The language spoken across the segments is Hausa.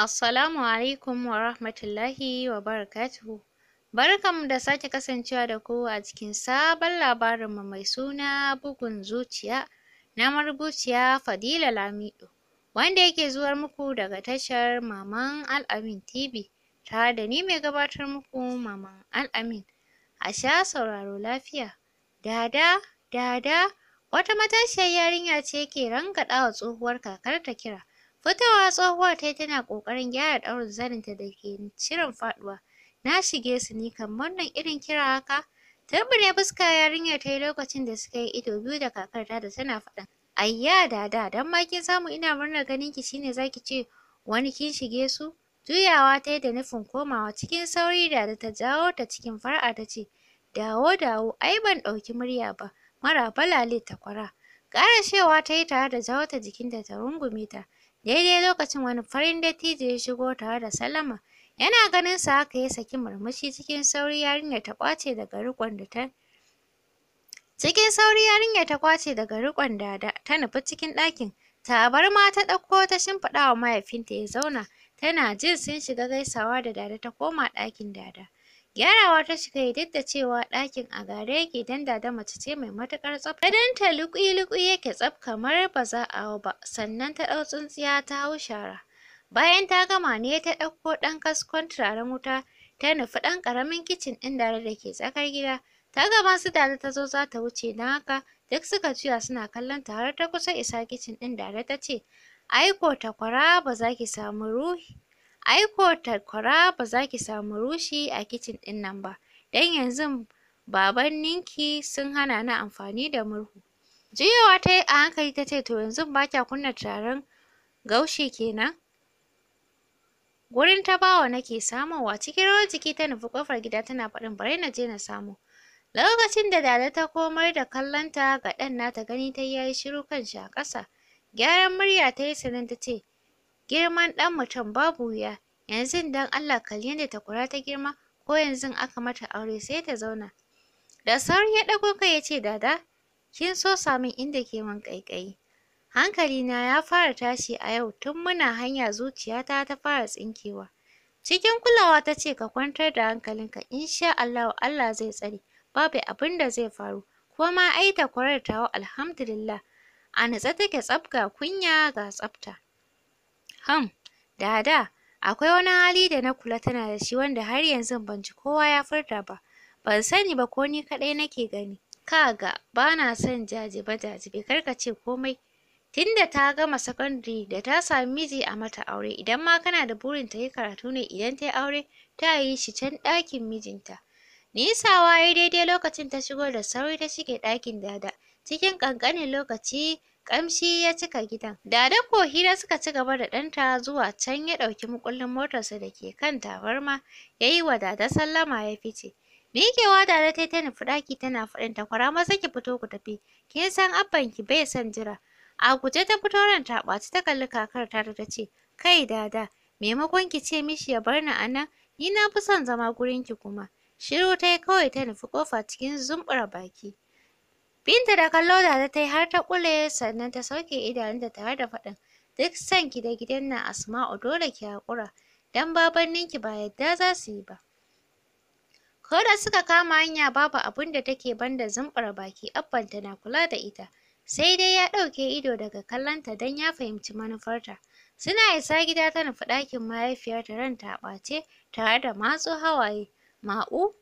Assalamu alaikum wa rahmatullahi wa barakatuhu. Barkanmu da sake kasancewa da ku a cikin sabon labarinmu mai suna bugun zuciya na marubuciya Fadila Lamido, wanda yake zuwar muku daga tashar Maman Al'amin TV, ta da ni mai gabatar muku Maman Al'amin. A sha sauraro lafiya. Dada, dada, wata matashiyar yarinya ce ke rangaɗa wa tsohuwar ta kira. Fitowa tsohuwar ta tana ƙoƙarin gyara ɗaurin zaninta da ke shirin faɗuwa. Na shige su ni kan wannan irin kira haka. Turbine fuska yarinyar ta yi lokacin da suka yi ido biyu da kakar ta da tana faɗa Ayya da dan ma kin samu ina murnar ganin ki shine zaki ce wani kin shige su. Juyawa ta yi da nufin komawa cikin sauri da da ta jawo ta cikin far'a ta ce dawo dawo ai ban ɗauki murya ba mara balale ta kwara. Ƙarashewa ta yi tare da jawo ta jikinta ta rungume ta. Daidai lokacin wani farin dattijo ya shigo tare da sallama. Yana ganin sa haka ya saki murmushi cikin sauri yarinyar ta ƙwace daga rikon da ta Cikin sauri yarinyar ta ƙwace daga riƙon dada ta nufi cikin ɗakin. Tabarma ta ɗauko ta shimfiɗa wa mahaifinta ya zauna. Tana jin sun shiga gaisawa da dada ta koma ɗakin dada. Gyarawa ta shiga yi duk da cewa ɗakin a gare yake don da mace ce mai matuƙar tsafta. Gadonta luƙi-luƙi yake tsaf kamar ba za a hau ba, sannan ta ɗau tsintsiya ta hau shara. Bayan ta gama ne ta ɗauko ɗan kaskon turaren wuta ta nufi ɗan ƙaramin kicin ɗin da da ke tsakar gida. Ta gama su Dada ta zo za ta wuce don haka duk suka juya suna kallon ta har ta kusa isa kicin ɗin da Dada ta ce, aiko ta takwara ba za ki samu ruhi. Aiko ko tankwara ba za ki samu rushi a kicin ɗin nan ba, don yanzu babanninki sun hana ni amfani da murhu. Juyawa ta yi a hankali ta ce, to yanzu ba kya kunna turaren gaushe kenan? Gurin tabawa nake samowa, cikin rawar jiki ta nufi ƙofar gida tana faɗin bari na je na samo. Lokacin da Dada ta komar da kallonta ga ɗan nata gani ta yi shiru kan shi a ƙasa. Gyaran murya ta yi sannan ta ce, Girman ɗan mutum babu wuya, yanzu dan Allah kalli ta takwara ta girma, ko yanzu aka mata aure sai ta zauna. Da sauri ya ɗago kai ya ce dada, kin so samun inda ke min ƙaiƙayi. na ya fara tashi a yau tun muna hanya zuciyata ta fara tsinkewa. Cikin kulawa ta ce ka kwantar da hankalinka insha Allahu Allah zai tsare babu abin da zai faru kuma ma ai takwarar tawa alhamdulillah a natse take tsabga kunya ga tsafta. Ham, dada akwai wani hali da na kula tana da shi wanda har yanzu ban ji kowa ya furta ba. Ban sani ba ko ni kaɗai nake gani. Kaga ba na son jajibe-jajibe kar ka ce komai. Tunda ta gama sakandare da ta sami miji a mata aure idan ma kana da burin ta yi karatu ne idan ta yi aure ta yi shi can ɗakin mijinta. Nisawa ya daidai lokacin ta shigo da sauri ta shige ɗakin dada. Cikin ƙanƙanin lokaci Ƙamshi ya cika gidan. Dada ko hira suka ci gaba da ɗanta zuwa can ya ɗauki mukullin motarsa da ke kan tabarma ya yi wa Dada sallama ya fice. Miƙewa Dada ta yi ta nufi ɗaki tana faɗin takwara maza ki fito ku tafi, kin san ki bai san jira. A guje ta fito ran ta ɓaci ta kalli kakar ta ta ce, kai Dada, maimakon ki ce mishi ya bar ni a nan, ni na fi son zama gurin ki kuma. Shiru ta yi kawai ta nufi ƙofa cikin zumbura baki. Binta da kallo da ta yi har ta ƙule sannan ta sauke idanunta tare da faɗin duk sanki ki da gidan nan Asma'u dole ki haƙura don ninki ba yadda za su yi ba. Ko da suka kama hanya babu abin da take banda zumɓar baki abbanta na kula da ita sai dai ya ɗauke ido daga kallonta dan ya fahimci manufarta. Suna isa gida ta nufi ɗakin mahaifiyarta ranta a ɓace tare da matso hawaye. Ma'u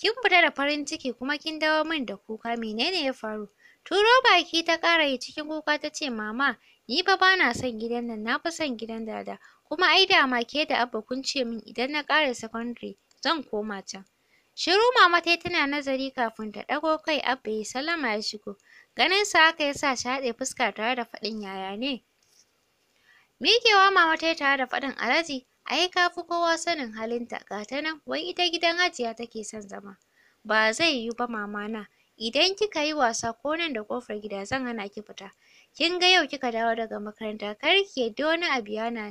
Kin fita da farin ciki kuma kin dawo min da kuka menene ya faru? Turo baki ta ƙara yi cikin kuka ta ce mama ni fa bana son gidan nan na fi son gidan dada kuma ai dama ke da abba kun ce min idan na ƙare sakandare zan koma can. Shiru mama tai tana nazari kafin ta ɗago kai abba ya sallama ya shigo. Ganinsa haka ya sa shi haɗe fuska tare da faɗin yaya ne? Miƙewa mama tai tare da faɗin Alhaji ai ka fi kowa sanin halinta ga ta nan wai ita gidan hajiya take son zama ba zai yiwu ba mama na idan kika yi wasa ko nan da ƙofar gida zan hana ki fita kin ga yau kika dawo daga makaranta kar ki yadda wani abu ya na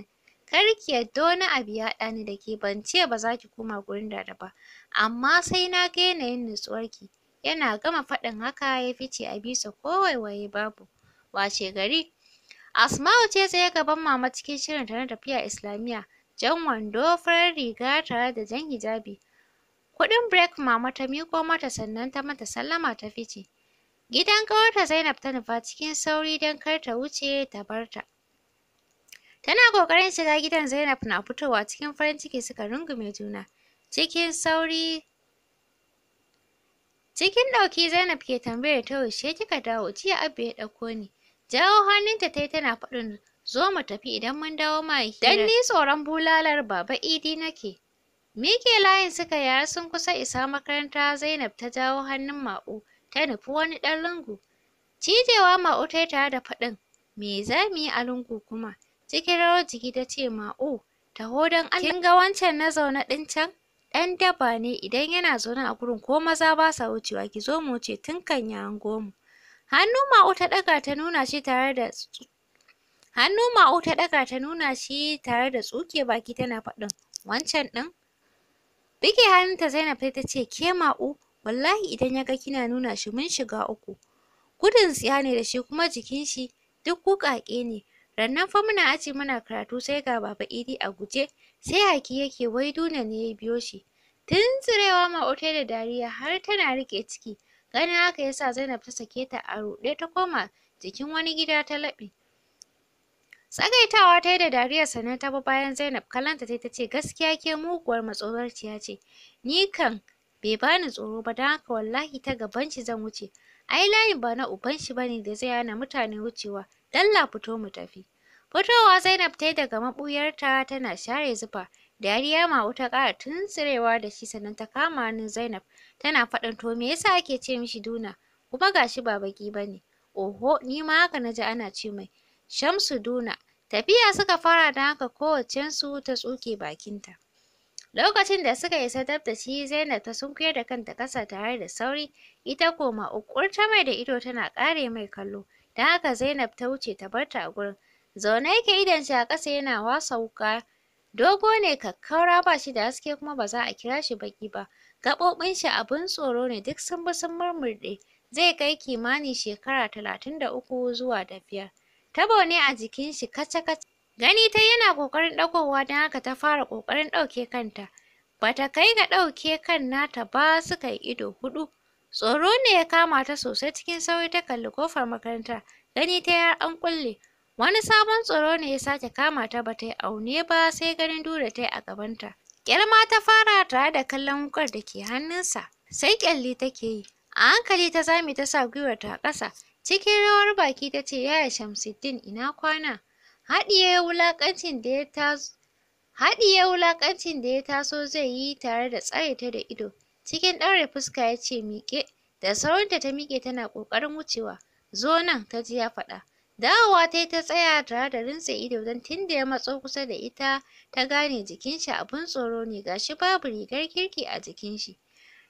kar ki yadda wani abu ya haɗa ni da ke ban ce ba za ki koma gurin Dada ba amma sai na ga yanayin nutsuwarki yana gama faɗin haka ya fice a bisa ko waiwaye babu washe gari Asma'u ce tsaye gaban mama cikin shirin ta na tafiya Islamiyya jan wando, farar riga tare da jan hijabi. Kuɗin brek mama ta miƙo mata sannan ta mata sallama ta fice. Gidan ƙawarta Zainab ta nufa cikin sauri don kar ta wuce ta bar ta. Tana ƙoƙarin shiga gidan Zainab na fitowa cikin farin ciki suka rungume juna. Cikin sauri Cikin ɗauki Zainab ke tambayar ta yaushe kika dawo jiya Abba ya ɗauko ni. Jawo hannunta ta yi tana faɗin zo mu tafi idan mun dawo ma hira dan ni tsoron bulalar baba idi nake mike layin suka yara sun kusa isa makaranta zainab ta jawo hannun ma'u ta nufi wani ɗan lungu cijewa ma'u ta yi tare da faɗin me za mu yi a lungu kuma cikin rawar jiki ta ce ma'u taho don Allah kin ga wancan na zaune ɗin can ɗan daba ne idan yana zaune a gurin ko maza ba sa wucewa ki zo mu wuce tun kan ya hango mu hannu ma'u ta ɗaga ta nuna shi tare da Hannu Ma'u ta ɗaga ta nuna shi tare da tsuke baki tana faɗin wancan ɗin. Bige hannunta Zainab ta ce ke Ma'u wallahi idan ya ga kina nuna shi mun shiga uku. Gudun tsiya ne da shi kuma jikin shi duk wuƙaƙe ne. Rannan fa muna aji muna karatu sai ga Baba Idi a guje sai haki yake wai duna ne ya biyo shi. tsirewa Ma'u ta da dariya har tana riƙe ciki. Ganin haka yasa Zainab ta sake ta a ruɗe ta koma jikin wani gida ta laɓe. Tsagaitawa ta yi da dariyar sannan ta bi bayan Zainab kalanta ta ta ce gaskiya ke muguwar ya ce. Ni kan bai bani tsoro ba don haka wallahi ta gaban shi zan wuce. Ai layin ba na uban shi bane da zai hana mutane wucewa. Dalla fito mu tafi. Fitowa Zainab ta yi daga maɓuyarta tana share zufa. Dariya ma ta ƙara tuntsirewa da shi sannan ta kama hannun Zainab tana faɗin to me yasa ake ce mishi Duna kuma shi ba baki bane. Oho ni ma haka na ji ana ce mai. Shamsu Duna. Tafiya suka fara da haka su ta tsuke bakinta. Lokacin da suka isa tabtaci, shi Zainab ta sunkuyar da kanta ƙasa tare da sauri, ita koma ta mai da ido tana ƙare mai kallo, don haka Zainab ta wuce ta bar ta a gurin. Zaune yake idan shi a ƙasa yana wasa wuƙa, dogo ne kakkaura ba shi da haske kuma ba za a kira shi baƙi ba, gaɓoɓin shi abun tsoro ne duk sun bi sun murmurɗe, zai kai kimanin shekara talatin da uku zuwa da Tabo ne a jikin shi kaca Gani ta yana ƙoƙarin ɗagowa don haka ta fara ƙoƙarin ɗauke kanta. Bata kai ga ɗauke kan nata ba suka yi ido huɗu. Tsoro ne ya kama ta sosai cikin sauri ta kalli kofar makaranta. Gani ta ya an kulle. Wani sabon tsoro ne ya sake kama ta bata yi aune ba sai ganin dure ta yi a gabanta. Ƙyalma ta fara tare da kallon wukar da ke hannunsa. Sai ƙyalli take yi. A hankali ta zame ta sa gwiwarta a ƙasa. Cikin rawar baki ta ce, Yaya Shamsuddin ina kwana? Haɗiye wulaƙancin da ya taso Haɗiye wulaƙancin da ya taso zai yi tare da tsare ta da ido. Cikin ɗaure fuska ya ce miƙe, da saurinta ta miƙe tana ƙoƙarin wucewa. Zo nan, ta ji ya faɗa. Dawowa ta yi ta tsaya tare da rintse ido don tun da ya matso kusa da ita ta gane jikin shi abin tsoro ne gashi babu rigar kirki a jikin shi.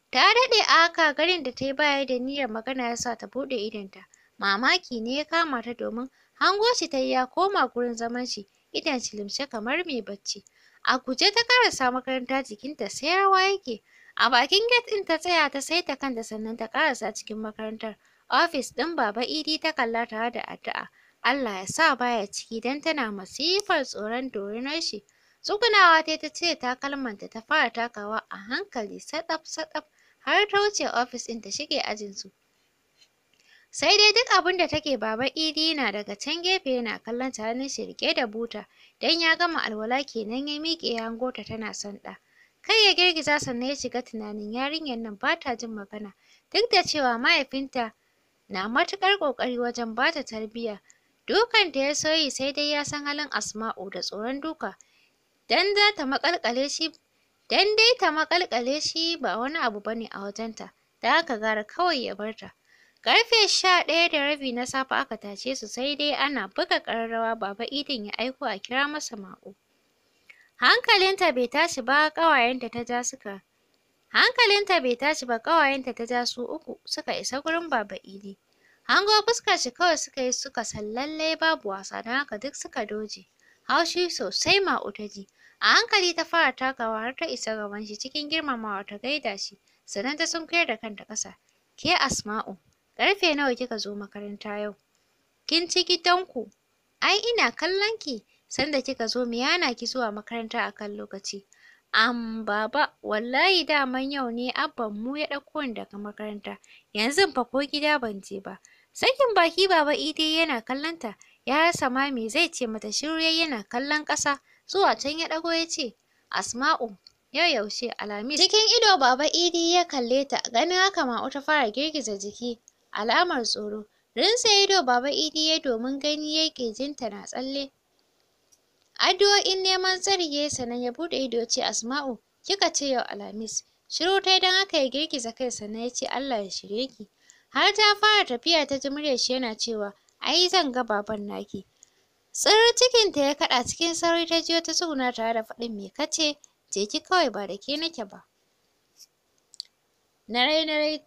Ta daɗe a haka garin da ta yi baya da niyyar magana ya sa ta buɗe idonta. Mamaki ne ya kama ta domin hango shi ta yi ya koma gurin zaman shi idan shi limshe kamar mai bacci. A guje ta karasa makaranta jikinta sai rawa yake. A bakin get ɗin ta tsaya ta saita kanta sannan ta karasa cikin makarantar. Ofis ɗin Baba Idi ta kalla tare da addu'a. Allah ya sa baya ciki don tana masifar tsoron dorinar shi. Tsugunawa ta ta cire takalmanta ta fara takawa a hankali saɗaf-saɗaf har ta wuce ofis ɗin ta shige ajinsu. Sai dai duk abin da take baba Idi yana daga can gefe yana kallon ta ne shi rike da buta dan ya gama alwala kenan ya miƙe ya hango ta tana son ɗa. Kai ya girgiza sannan ya shiga tunanin yarinyar nan ba ta jin magana duk da cewa mahaifinta na matuƙar ƙoƙari wajen ba ta tarbiyya. Dukan da ya soyi sai dai ya san halin Asma'u da tsoron duka dan za ta maƙalƙale shi dan dai ta maƙalƙale shi ba wani abu bane a wajenta da haka gara kawai ya barta. Karfe sha ɗaya da rabi na safe aka tashe su sai dai ana buga ƙararrawa Baba Idin ya aiko a kira masa maƙo. Hankalinta bai tashi ba ƙawayenta ta ja suka. Hankalinta bai tashi ba ƙawayenta ta ja su uku suka isa gurin Baba Idi. Hango fuskar shi kawai suka yi suka san lallai babu wasa don haka duk suka doje. Haushi sosai Ma'u ta ji. A hankali ta fara takawa har ta isa gaban shi cikin girmamawa ta gaida shi sannan ta sunkuyar da kanta ƙasa. Ke Asma'u Ƙarfe nawa kika zo makaranta yau? Kin ci gidanku? Ai ina kallon ki sanda kika zo me ki zuwa makaranta akan lokaci. Am baba wallahi daman yau ne abban mu ya ɗauko ni daga makaranta. Yanzu fa ko gida ban je ba. Sakin baki baba Idi yana kallonta Ya rasa ma me zai ce mata shiru yana kallon ƙasa. Zuwa can ya ɗago ya ce Asma'u yau yaushe Alhamis. Cikin ido baba Idi ya kalle ta ganin haka Ma'u ta fara girgiza jiki. alamar tsoro rinsa ido baba idi ya domin gani ya ƙirjinta na tsalle addu'o'in neman tsari ya sannan ya buɗe ido ce asma'u kika ce yau alhamis shiru ta don haka ya girgiza kai sannan ya ce allah ya shirye ki har ta fara tafiya ta ji murya shi yana cewa ai zan ga baban naki tsirin cikinta ya kaɗa cikin sauri ta jiyo ta tsuguna tare da faɗin me kace je ki kawai ba da ke nake ba narai narai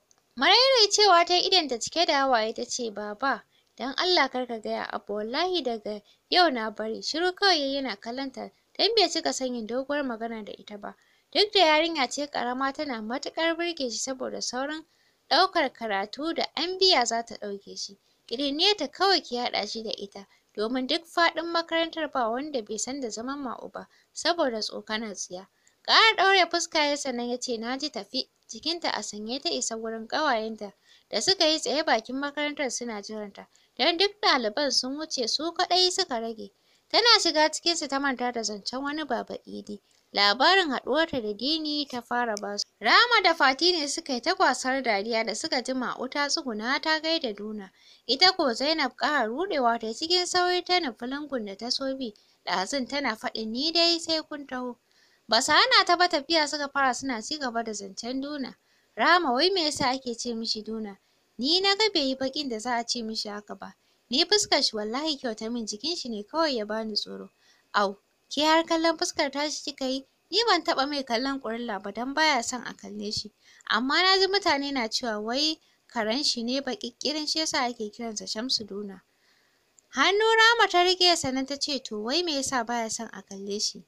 cewa ta yi idonta cike da hawaye ta ce, Baba, dan Allah kar ka gaya Abu wallahi daga yau na bari. Shiru kawai ya yana kallonta dan bai cika son yin doguwar magana da ita ba. Duk da yarinya ce karama tana matukar burge shi saboda saurin ɗaukar karatu da biya za ta ɗauke shi. ta kawai ki haɗa shi da ita, domin duk faɗin makarantar ba wanda bai san da zaman Ma'u ba, saboda tsokanar tsiya. Ƙara ɗaure fuska ya sannan ya ce na ji tafi. Jikinta a sanye ta isa wurin ƙawayenta da suka yi tsaye bakin makarantar suna jiranta. Don duk ɗaliban sun wuce su kaɗai suka rage. Tana shiga cikinsu ta manta da zancen wani baba idi. Labarin haɗuwarta da Dini ta fara basu. Rama da Fati ne suka yi ta kwasar dariya da suka jima wuta tsuguna ta gaida Duna. Ita ko Zainab ƙara ruɗewa ta cikin sauri ta nufi lungun da ta so bi. Ɗazun tana faɗi ni dai sai kun taho. Ba su hana ta ba tafiya suka fara suna ci gaba da zancen Duna. Rahama wai me yasa ake ce mishi Duna? Ni na ga bai yi baƙin da za a ce mishi haka ba. Ni fuskar shi wallahi kyauta min jikin shi ne kawai ya bani tsoro. Au, ke har kallon fuskar tashi kika yi? Ni ban taɓa mai kallon ƙurilla ba don baya son a kalle shi. Amma na ji mutane na cewa wai karen shi ne baƙiƙƙirin shi yasa ake kiransa Shamsu Duna. Hannu Rama ta riƙe sannan ta ce to wai me yasa baya son a kalle shi?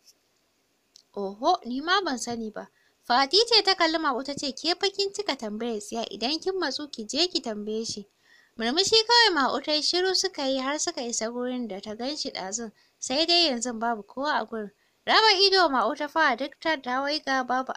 Oho, ni ma ban sani ba. Fati ce ta kalli Mabo ta ce ke fa kin cika tambayar tsiya idan kin matsu ki je ki tambaye shi. Murmushi kawai Mabo ta yi shiru suka yi har suka isa gurin da ta gan shi ɗazun sai dai yanzu babu kowa a gurin. Raba ido Mabo ta fara duk ta ga babu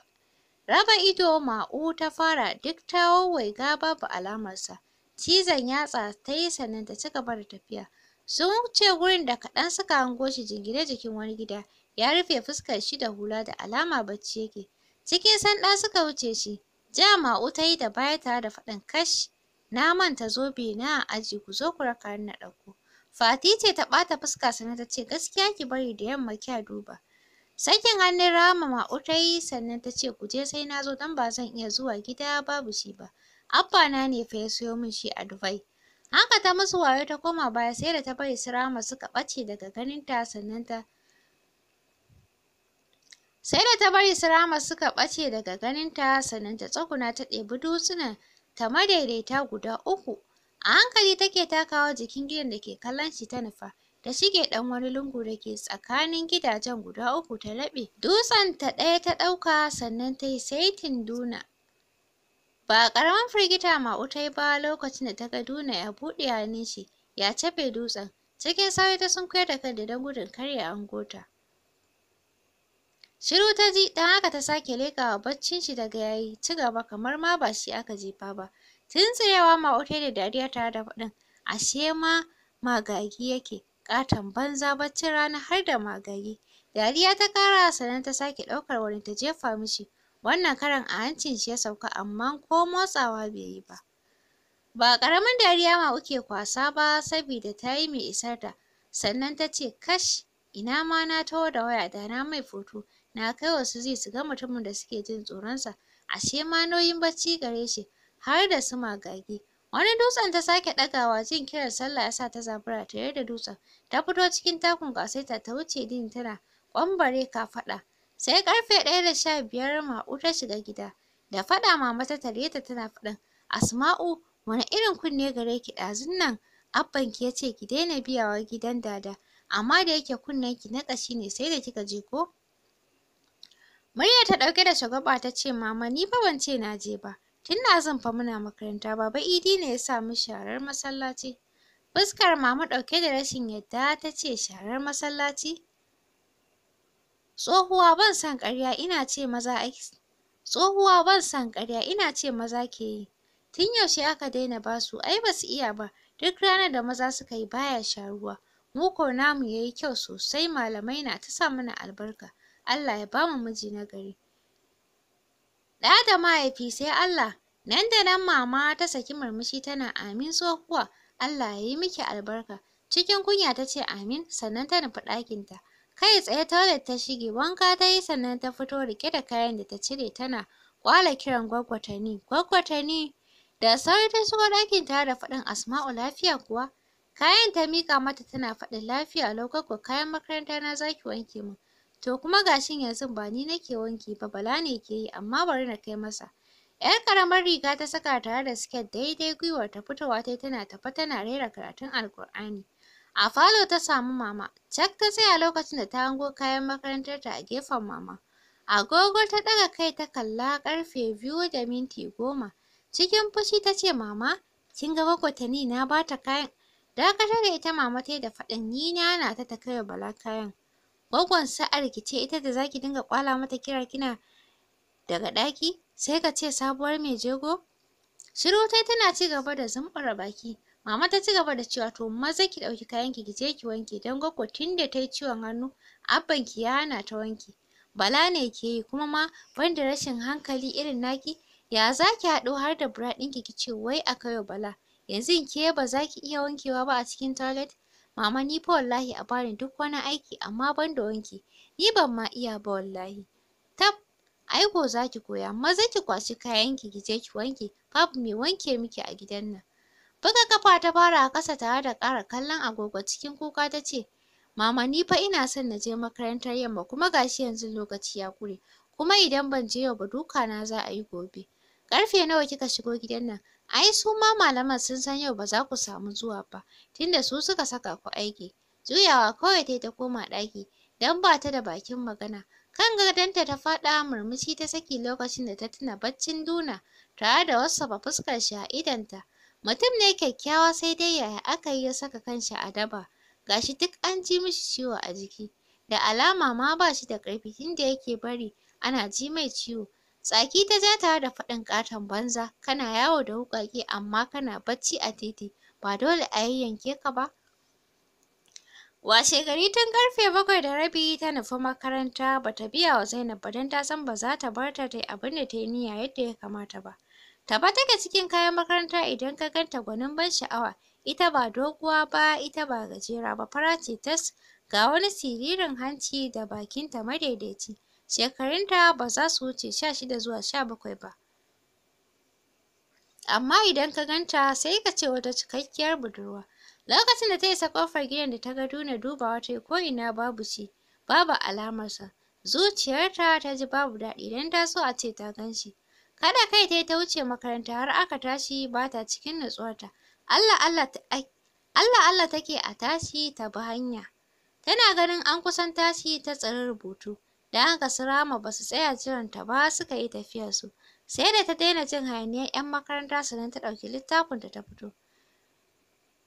Raba ido Ma'u ta fara duk ta wawwaiga babu alamarsa. Cizon yatsa ta yi sannan ta ci gaba da tafiya. Sun wuce gurin da kaɗan suka hango shi jingine jikin wani gida. ya rufe fuskar shi da hula da alama bacci yake cikin sanda suka wuce shi ja ma'u ta yi da baya tare da faɗin kash na manta zobe na a aji ku zo ku raka na ɗauko fati ce ta ɓata fuska sannan ta ce gaskiya ki bari da yamma kya duba sakin hannun rama ma'u ta yi sannan ta ce ku je sai na zo don ba zan iya zuwa gida babu shi ba abba na ne fa ya siyo min shi a dubai haka ta musu wayo ta koma baya sai da ta bari su rama suka ɓace daga ganin ta sannan ta Sai da ta bari su suka ɓace daga ganinta sannan ta tsakuna ta ɗebi dutsunan ta madaidaita guda uku. A hankali take takawa jikin gidan da ke kallon shi ta nufa. Ta shige ɗan wani lungu da ke tsakanin gidajen guda uku ta laɓe. Dutsen ta ɗaya ta ɗauka sannan ta yi saitin Duna. Ba ƙaramin firgita Ma'u ta yi ba lokacin da ta ga Duna ya buɗe hannun shi ya cafe dutsen. Cikin sauri ta sunkuyar da kanta don gudun kar ya ta. Shiru ta ji dan haka ta sake lekawa baccin shi daga yayi ci gaba kamar ma ba shi aka jefa ba. Tuntsayawa ma da dariya tare da fadin ashe ma magagi yake katon banza baccin rana har da magagi. Dariya ta kara sannan ta sake ɗaukar wani ta jefa mishi wannan karon a hancin shi ya sauka amma ko motsawa bai yi ba. Ba karamin dariya ma uke kwasa ba sabida ta yi mai isar ta sannan ta ce kash ina ma na taho da waya da na mai foto na kai wasu zai su ga mutumin da suke jin tsoronsa ashe ma nauyin bacci gare shi har da su magagi wani dutsen ta sake ɗagawa jin kiran sallah ya sa ta zabura tare da dutsen ta fito cikin takun gasaita ta wuce din tana ƙwambare kafaɗa sai karfe ɗaya da sha biyar ma'u ta shiga gida da faɗa mama ta tare ta tana faɗin asma'u wani irin kunne gare ki ɗazun nan abbanki yace ki daina biyawa gidan dada amma da yake kunnen ki na ƙashi ne sai da kika je ko Murya ta ɗauke da shagwaɓa ta ce mama ni ba ban ce na je ba. Tun zan fa muna makaranta baba Idi ne ya sa mu sharar masallaci. Fuskar mama ɗauke da rashin yadda ta ce sharar masallaci. Tsohuwa ban san ƙarya ina ce maza Tsohuwa ban san ƙarya ina ce maza ke yi. Tun yaushe aka daina ba su, ai ba su iya ba. Duk ranar da maza suka yi baya sharuwa. Mu ko namu yayi kyau sosai malamai na ta sa mana albarka. Allah ya bamu miji na gari ɗa da mahaifi sai Allah nan da nan mama ta saki murmushi tana amin tsohuwa Allah ya yi miki albarka cikin kunya ta ce amin sannan ta nufi ɗakinta kai tsaye toilet ta shige wanka ta yi sannan ta fito rike da kayan da ta cire tana kwala kiran gwaggwatani gwaggwatani da sauri ta shigo ɗakin da faɗin asma'u lafiya kuwa kayan ta miƙa mata tana faɗin lafiya lau kayan makaranta na zaki wanke min To kuma gashin yanzu ba ni nake wanki ba Bala ne ke yi amma bari na kai masa. ‘Yar karamar riga ta saka tare da siket daidai ta fitowa tai tana tafe tana rera karatun Alƙur'ani. A falo ta samu mama, cak ta tsaya lokacin da ta hango kayan makarantar ta a gefen mama. Agogo ta ɗaga kai ta kalla karfe biyu da minti goma. Cikin fushi ta ce mama, kin ga magwatanni na bata ta kayan. Dakatar da ita mama tai da faɗin ni na hana ta ta kai wa Bala kayan. Gwaggon ki ce ita da zaki dinga kwala mata kira kina daga ɗaki sai ka ce sabuwar mai jego? Shiru tai tana ci gaba da zumbura baki. Mama ta ci gaba da cewa to maza ki ɗauki kayan ki je ki wanke dan gwaggo tunda ta yi ciwon hannu ki ya hana ta wanki. Bala ne ke yi kuma ma ban da rashin hankali irin naki ya zaki ki har da bra din ki kice wai a Bala yanzu in ke ba zaki iya wankewa ba a cikin toilet? Mama ni fa wallahi a bani duk wani aiki amma ban da wanki. Ni ban ma iya ba wallahi. Tab, ai ko za ki koya, maza ki kwashi kayan ki ki je ki wanke, babu mai wanke miki a gidan nan. Buga kafa ta fara a ƙasa tare da ƙara kallon agogo cikin kuka ta ce, Mama ni fa ina son na je makarantar yamma kuma ga shi yanzu lokaci ya ƙure, kuma idan ban je yau ba duka na za a yi gobe. Karfe nawa kika shigo gidan nan? ai su ma malaman sun san yau ba za ku samu zuwa ba tunda su suka saka ku aiki juyawa kawai tai ta koma ɗaki don ba ta da bakin magana kan gadonta ta faɗa murmushi ta saki lokacin da ta tuna baccin duna tare da ba fuskar shi a idonta mutum ne kyakkyawa sai dai yaya aka yi ya saka kanshi a daba gashi duk an ji mishi ciwo a jiki da alama ma ba shi da ƙarfi tunda yake bari ana ji mai ciwo Tsaki ta ja tare da faɗin ƙaton banza, kana yawo da wuƙaƙe amma kana bacci a titi, ba dole a yayyanke ka ba. Washe gari tun ƙarfe bakwai da rabi ta nufi makaranta ba ta biya wa Zainab ba don ta san ba za ta bar ta ta abin da ta yi niyya yadda ya kamata ba. ta take cikin kayan makaranta idan ka ganta gwanin ban sha'awa, ita ba doguwa ba, ita ba gajera ba, fara ce tas, ga wani siririn hanci da bakinta madaidaici. shekarunta ba za su wuce sha shida zuwa sha bakwai ba amma idan ka ganta sai ka ce wata cikakkiyar budurwa lokacin da ta isa ƙofar gidan da ta ga duna dubawa ta yi ina babu shi babu alamarsa zuciyarta ta ji babu daɗi don ta so a ce ta gan shi kada kai tai ta wuce makaranta har aka tashi ba ta cikin nutsuwarta Allah Allah ta Allah Allah take a tashi ta bi hanya tana ganin an kusan tashi ta tsiri rubutu Da haka su rama ba su tsaya ta ba suka yi su. Sai da ta daina jin hayaniyar 'yan makaranta sannan ta ɗauki littafin da ta fito.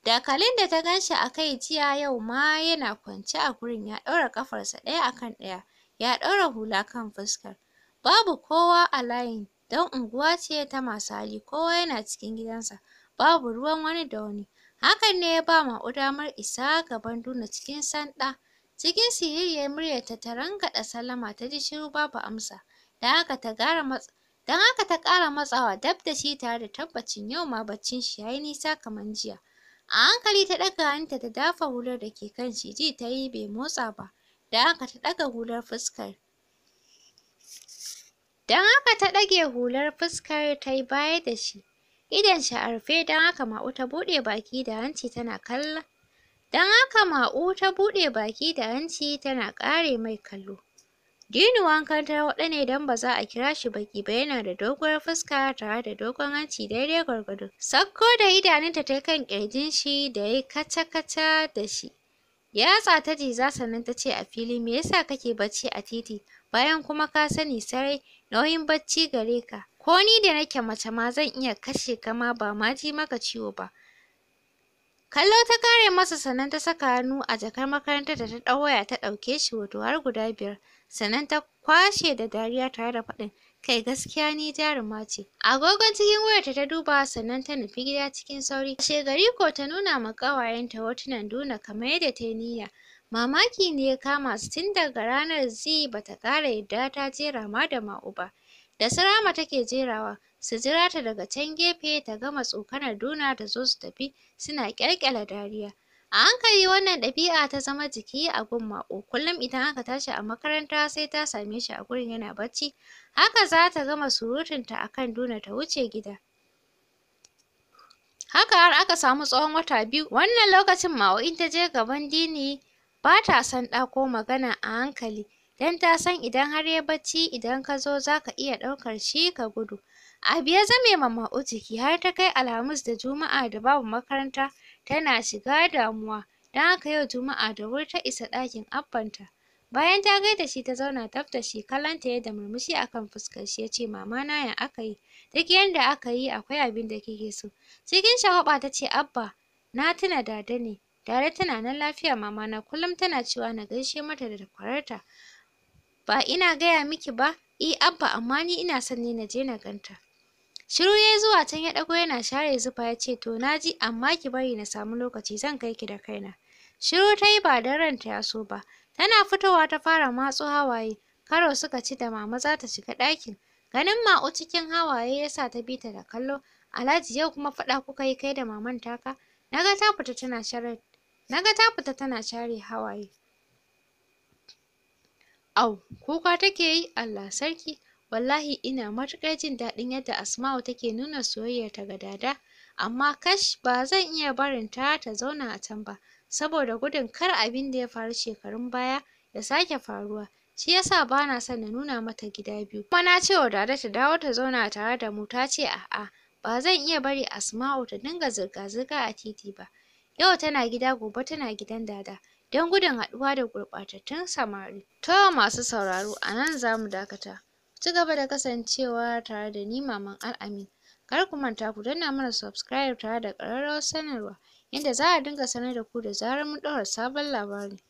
Dakalin da ta ganshi a kai jiya yau ma yana kwance a gurin ya ɗaura ƙafarsa ɗaya akan ɗaya, ya ɗaura hula kan fuskar. Babu kowa a layin don unguwa ce ta masu hali kowa yana cikin gidansa, babu ruwan wani da wani. Hakan ne ya ba maƙudamar isa gaban Duna cikin sanɗa. Cikin ya muryarta ta rangaɗa salama ta ji shiru babu amsa. Don haka ta kara matsa don haka ta ƙara matsawa dab da shi tare da tabbacin yau ma baccin shi yayi nisa kamar jiya. A hankali ta ɗaga hannunta ta dafa hular da ke kan shi ji ta yi bai motsa ba. Don haka ta ɗaga hular fuskar. Don haka ta ɗage hular fuskar ta yi baya da shi. Idon shi a rufe don haka Ma'u ta buɗe baki da hanci tana kallon Don haka Ma'u ta buɗe baki da hanci tana ƙare mai kallo. Dinu wankan tarwaɗa ne don ba za a kira shi baki ba yana da doguwar fuska tare da dogon hanci daidai gwargwado. Sakko da idanunta ta kan ƙirjin shi da ya kaca-kaca da shi. Yatsa ta jiza sannan ta ce a fili me yasa kake bacci a titi bayan kuma ka sani sarai nauyin bacci gare ka. Ko ni da nake mace ma zan iya kashe ka ma ba ma ji maka ciwo ba. Kallo ta kare masa sannan ta saka hannu a jakar makarantar da ta ɗau ta ɗauke shi wato har guda biyar. Sannan ta kwashe da dariya tare da faɗin kai gaskiya ni jaruma ce. Agogon cikin wayarta ta duba sannan ta nufi gida cikin sauri. gari ko ta nuna ma ƙawayenta hotunan Duna kamar yadda ta yi niyya. Mamaki ne ya kama su tun daga ranar ba bata ƙara yadda ta je rama da ma'u ba. da Sarama take jerawa su jira ta daga can gefe ta gama tsokanar Duna da zo su tafi suna ƙyalƙyala dariya a hankali wannan ɗabi'a ta zama jiki a gun Mako kullum idan aka tashi a makaranta sai ta same shi a gurin yana bacci haka za ta gama surutunta a kan Duna ta wuce gida haka har aka samu tsawon wata biyu wannan lokacin ma'o in ta je gaban Dini ba ta son ɗa ko magana a hankali Dan ta san idan har ya bacci idan ka zo za ka iya ɗaukar shi ka gudu. A ya zame ma Ma'u jiki har ta kai Alhamis da Juma'a da babu makaranta tana shiga damuwa don haka yau Juma'a da wuri ta isa ɗakin abbanta. Bayan ta gaida shi ta zauna tab da shi kallonta yadda murmushi akan fuskar shi yace mama na ya aka yi duk yanda aka yi akwai abin da kike so. Cikin shagwaɓa ta ce abba na tuna dada ne dada tana nan lafiya mama na kullum tana cewa na gaishe mata da kwararta ba ina gaya miki ba eh abba amma ni ina son ne na je na ganta shiru yayi zuwa can ya ɗago yana share zufa ya ce to na ji amma ki bari na samu lokaci zan kai ki da kaina shiru tayi ba don ranta ya so ba tana fitowa ta fara matsu hawaye karo suka ci da mama za ta shiga ɗakin ganin ma'u cikin hawaye yasa ta bi ta da kallo alhaji yau kuma faɗa kuka yi kai da maman taka naga ta fita tana share naga ta fita tana share hawaye Au! Kuka take yi? Allah sarki! Wallahi ina matuƙar jin daɗin yadda Asma'u take nuna soyayyarta ga Dada, amma kash ba zan iya barin ta ta zauna a can ba, saboda gudun kar abin da ya faru shekarun baya ya sake faruwa. Shi ya sa ba na son na nuna mata gida biyu. Kuma na ce wa Dada ta dawo ta zauna tare da mu, ta ce a'a, ba zan iya bari Asma'u ta dinga zirga-zirga a titi ba. Yau tana gida, gobe tana gidan Dada. don gudun haɗuwa da gurɓatattun samari. tawa masu sauraro a nan za mu dakata. Ci gaba da kasancewa tare da ni Maman Al'amin. Kar ku manta ku danna mana subscribe tare da ƙararrawar sanarwa inda za a dinga sanar da ku da zarar mun ɗaura sabon labari.